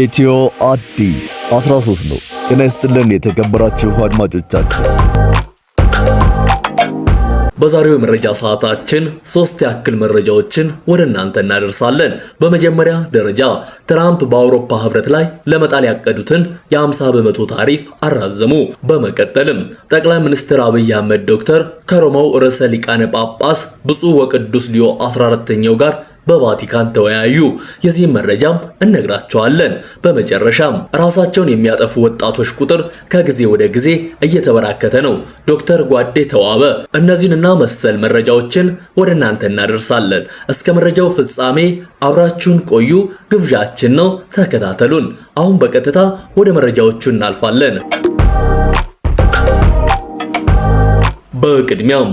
ኢትዮ አዲስ 13 ነው። ጤና ይስጥልን የተከበራችሁ አድማጮቻችን። በዛሬው የመረጃ ሰዓታችን ሶስት ያክል መረጃዎችን ወደ እናንተ እናደርሳለን። በመጀመሪያ ደረጃ ትራምፕ በአውሮፓ ህብረት ላይ ለመጣል ያቀዱትን የ50 በመቶ ታሪፍ አራዘሙ። በመቀጠልም ጠቅላይ ሚኒስትር አብይ አህመድ ዶክተር ከሮማው ርዕሰ ሊቃነ ጳጳስ ብፁዕ ወቅዱስ ሊዮ 14ኛው ጋር በቫቲካን ተወያዩ። የዚህም መረጃም እነግራቸዋለን። በመጨረሻም ራሳቸውን የሚያጠፉ ወጣቶች ቁጥር ከጊዜ ወደ ጊዜ እየተበራከተ ነው። ዶክተር ጓዴ ተዋበ እነዚህንና መሰል መረጃዎችን ወደ እናንተ እናደርሳለን። እስከ መረጃው ፍጻሜ አብራችሁን ቆዩ ግብዣችን ነው። ተከታተሉን። አሁን በቀጥታ ወደ መረጃዎቹ እናልፋለን። በቅድሚያም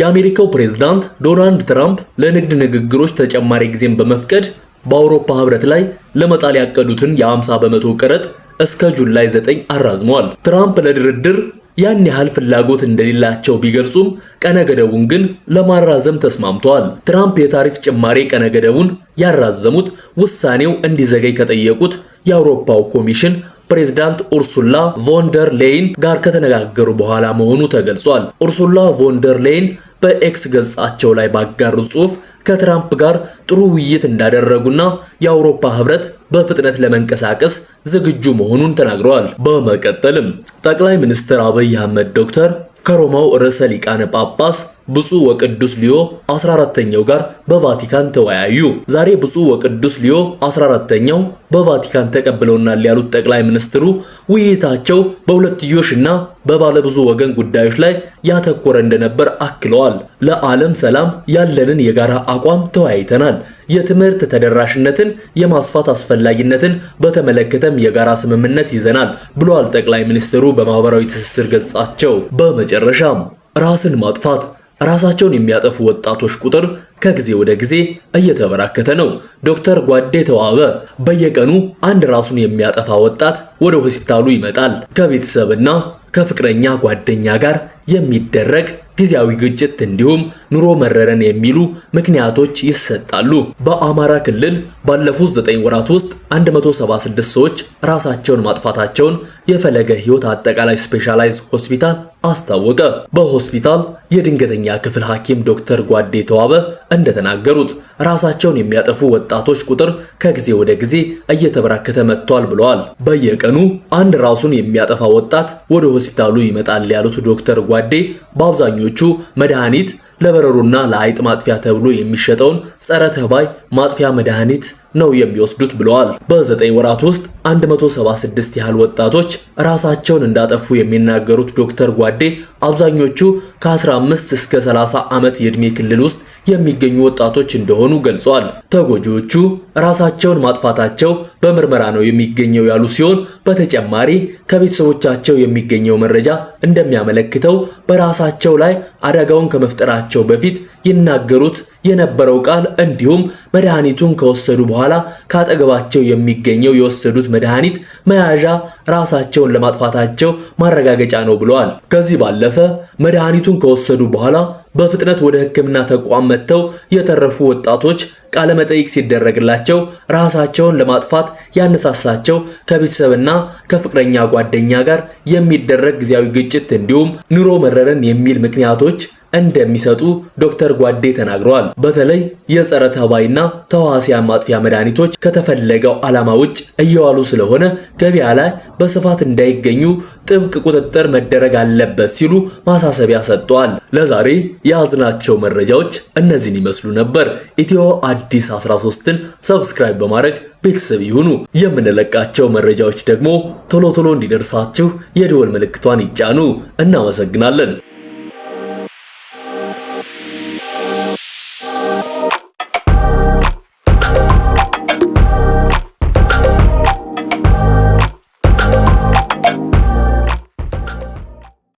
የአሜሪካው ፕሬዝዳንት ዶናልድ ትራምፕ ለንግድ ንግግሮች ተጨማሪ ጊዜን በመፍቀድ በአውሮፓ ህብረት ላይ ለመጣል ያቀዱትን የ50 በመቶ ቀረጥ እስከ ጁላይ 9 አራዝመዋል። ትራምፕ ለድርድር ያን ያህል ፍላጎት እንደሌላቸው ቢገልጹም ቀነ ገደቡን ግን ለማራዘም ተስማምተዋል። ትራምፕ የታሪፍ ጭማሪ ቀነ ገደቡን ያራዘሙት ውሳኔው እንዲዘገይ ከጠየቁት የአውሮፓው ኮሚሽን ፕሬዝዳንት ኡርሱላ ቮንደር ሌይን ጋር ከተነጋገሩ በኋላ መሆኑ ተገልጿል። ኡርሱላ ቮንደር ሌይን በኤክስ ገጻቸው ላይ ባጋሩ ጽሑፍ ከትራምፕ ጋር ጥሩ ውይይት እንዳደረጉና የአውሮፓ ህብረት በፍጥነት ለመንቀሳቀስ ዝግጁ መሆኑን ተናግረዋል። በመቀጠልም ጠቅላይ ሚኒስትር አብይ አህመድ ዶክተር ከሮማው ርዕሰ ሊቃነ ጳጳስ ብፁዕ ወቅዱስ ሊዮ 14ኛው ጋር በቫቲካን ተወያዩ። ዛሬ ብፁዕ ወቅዱስ ሊዮ 14ኛው በቫቲካን ተቀብለውናል ያሉት ጠቅላይ ሚኒስትሩ ውይይታቸው በሁለትዮሽና በባለብዙ ወገን ጉዳዮች ላይ ያተኮረ እንደነበር አክለዋል። ለዓለም ሰላም ያለንን የጋራ አቋም ተወያይተናል። የትምህርት ተደራሽነትን የማስፋት አስፈላጊነትን በተመለከተም የጋራ ስምምነት ይዘናል ብለዋል ጠቅላይ ሚኒስትሩ በማህበራዊ ትስስር ገጻቸው። በመጨረሻም ራስን ማጥፋት ራሳቸውን የሚያጠፉ ወጣቶች ቁጥር ከጊዜ ወደ ጊዜ እየተበራከተ ነው። ዶክተር ጓዴ ተዋበ በየቀኑ አንድ ራሱን የሚያጠፋ ወጣት ወደ ሆስፒታሉ ይመጣል ከቤተሰብና ከፍቅረኛ ጓደኛ ጋር የሚደረግ ጊዜያዊ ግጭት እንዲሁም ኑሮ መረረን የሚሉ ምክንያቶች ይሰጣሉ። በአማራ ክልል ባለፉት 9 ወራት ውስጥ 176 ሰዎች ራሳቸውን ማጥፋታቸውን የፈለገ ሕይወት አጠቃላይ ስፔሻላይዝ ሆስፒታል አስታወቀ። በሆስፒታል የድንገተኛ ክፍል ሐኪም ዶክተር ጓዴ ተዋበ እንደተናገሩት ራሳቸውን የሚያጠፉ ወጣቶች ቁጥር ከጊዜ ወደ ጊዜ እየተበራከተ መጥቷል ብለዋል። በየቀኑ አንድ ራሱን የሚያጠፋ ወጣት ወደ ሆስፒታሉ ይመጣል ያሉት ዶክተር ጓዴ በአብዛኛው ተጠቃሚዎቹ መድኃኒት ለበረሮና ለአይጥ ማጥፊያ ተብሎ የሚሸጠውን ጸረ ተባይ ማጥፊያ መድኃኒት ነው የሚወስዱት ብለዋል። በ9 ወራት ውስጥ 176 ያህል ወጣቶች ራሳቸውን እንዳጠፉ የሚናገሩት ዶክተር ጓዴ አብዛኞቹ ከ15 እስከ 30 ዓመት የዕድሜ ክልል ውስጥ የሚገኙ ወጣቶች እንደሆኑ ገልጿል። ተጎጂዎቹ ራሳቸውን ማጥፋታቸው በምርመራ ነው የሚገኘው ያሉ ሲሆን በተጨማሪ ከቤተሰቦቻቸው የሚገኘው መረጃ እንደሚያመለክተው በራሳቸው ላይ አደጋውን ከመፍጠራቸው በፊት ይናገሩት የነበረው ቃል እንዲሁም መድኃኒቱን ከወሰዱ በኋላ ከአጠገባቸው የሚገኘው የወሰዱት መድኃኒት መያዣ ራሳቸውን ለማጥፋታቸው ማረጋገጫ ነው ብለዋል። ከዚህ ባለፈ መድኃኒቱን ከወሰዱ በኋላ በፍጥነት ወደ ሕክምና ተቋም መጥተው የተረፉ ወጣቶች ቃለ መጠይቅ ሲደረግላቸው ራሳቸውን ለማጥፋት ያነሳሳቸው ከቤተሰብና ከፍቅረኛ ጓደኛ ጋር የሚደረግ ጊዜያዊ ግጭት እንዲሁም ኑሮ መረረን የሚል ምክንያቶች እንደሚሰጡ ዶክተር ጓዴ ተናግረዋል። በተለይ የጸረ ተባይና ተዋሲያን ማጥፊያ መድኃኒቶች ከተፈለገው ዓላማ ውጭ እየዋሉ ስለሆነ ገበያ ላይ በስፋት እንዳይገኙ ጥብቅ ቁጥጥር መደረግ አለበት ሲሉ ማሳሰቢያ ሰጥተዋል። ለዛሬ የያዝናቸው መረጃዎች እነዚህን ይመስሉ ነበር። ኢትዮ አዲስ 13ን ሰብስክራይብ በማድረግ ቤተሰብ ይሁኑ። የምንለቃቸው መረጃዎች ደግሞ ቶሎ ቶሎ እንዲደርሳችሁ የደወል ምልክቷን ይጫኑ። እናመሰግናለን።